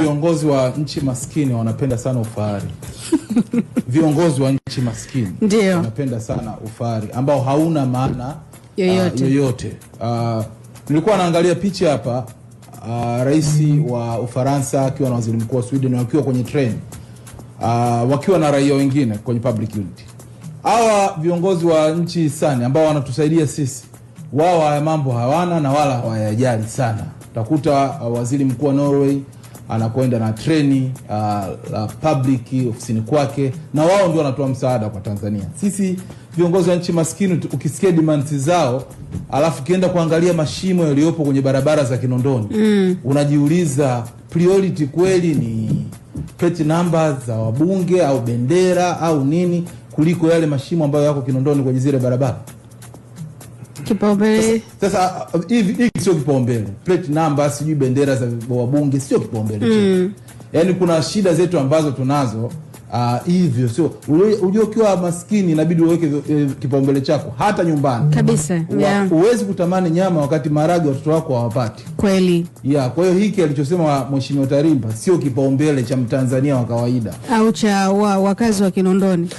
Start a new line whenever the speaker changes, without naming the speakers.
Viongozi wa nchi maskini wanapenda sana ufahari viongozi wa nchi maskini wanapenda sana ufahari ambao hauna maana ah,
yoyote, uh, yoyote. Uh,
nilikuwa naangalia picha hapa uh, rais mm-hmm. wa Ufaransa akiwa na waziri mkuu wa Sweden wakiwa kwenye train uh, wakiwa na raia wengine kwenye public unity. Hawa viongozi wa nchi hisani ambao wanatusaidia sisi, wao haya mambo hawana na wala hawayajali sana. Utakuta uh, waziri mkuu wa Norway anakwenda na treni uh, la public ofisini kwake, na wao ndio wanatoa msaada kwa Tanzania. Sisi viongozi wa nchi maskini, ukisikia demands zao alafu ukienda kuangalia mashimo yaliyopo kwenye barabara za Kinondoni mm. unajiuliza priority kweli ni plate number za wabunge au bendera au nini kuliko yale mashimo ambayo yako Kinondoni kwenye zile barabara
kipaumbele.
Sasa uh, hivi hiki sio kipaumbele, plate number sijui bendera za wabunge sio kipaumbele mm. Yaani kuna shida zetu ambazo tunazo uh, hivyo uh, sio unajua, ukiwa maskini inabidi uweke e, kipaumbele chako hata nyumbani kabisa. Huwezi kutamani nyama wakati maharage watoto wako hawapati kweli ya. Kwa hiyo hiki alichosema mheshimiwa Tarimba sio kipaumbele cha mtanzania wa kawaida
au cha wakazi wa Kinondoni.